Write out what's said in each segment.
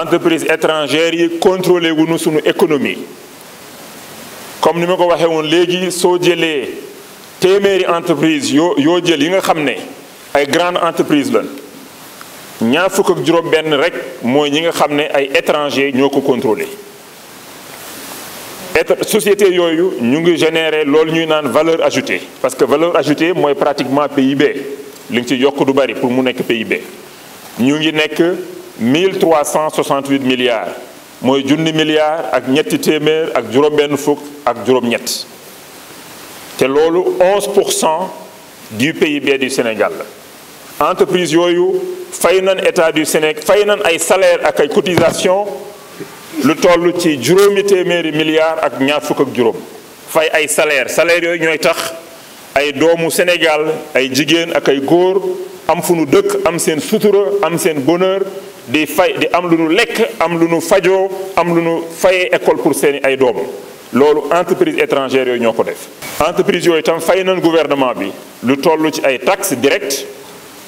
entreprise étrangère yi contrôlé wuñu sunu économie comme ni ma ko waxee woon léegi soo jëlee téeméeri entreprise yo yo jël yi nga xamné ay grande entreprise lan ñaar fukk ak juróom ben rek moy ñi nga xamné ay étranger ñoko ko contrôlé société yoyu ñu ngi générer lool ñuy naan valeur ajoutée parce que valeur ajoutée moy pratiquement PIB li nga ci yok du bari pour mu nekk PIB ñu ngi nekk 1368 milliards moy jundi milliards ak ñetti témèr ak ak 11 du PIB du Sénégal entreprise yoyu fay état du Sénégal fay salaire ak cotisation le tollu ci témèr milliards ak ñaar ak fay salaire salaire tax ay doomu Sénégal ay ak ay am fu am bonheur di fay di am lu nu lekk am lu nu fajoo am lu nu fayee école pour seeni ay doom loolu entreprise étrangère yooyu ñoo ko def. entreprise yooyu tam fay nañ gouvernement bi lu toll ci ay taxes direct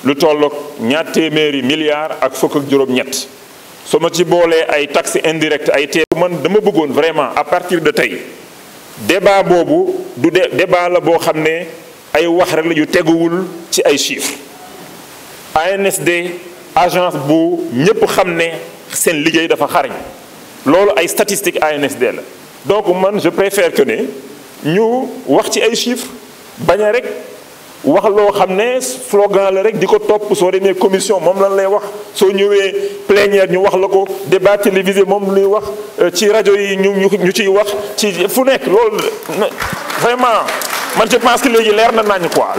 lu toll ñaar téeméeri milliards ak fokk ak juróom-ñett su ma ci boolee ay taxes indirect ay tee man dama bëggoon vraiment à partir de tey débat boobu du débat la boo xam ne ay wax rek la yu teguwul ci ay chiffres ANSD agence bu ñëpp xam ne seen liggéey dafa xariñ loolu ay statistiques ANSD la donc je préfère que ne ñu wax ci ay chiffres bañ a rek wax nous slogan la rek commission moom nous lay wax nous ñëwee plénière ñu wax la débat télévisé moom luy wax euh, ci yi nous ñu wax ci vraiment je pense que quoi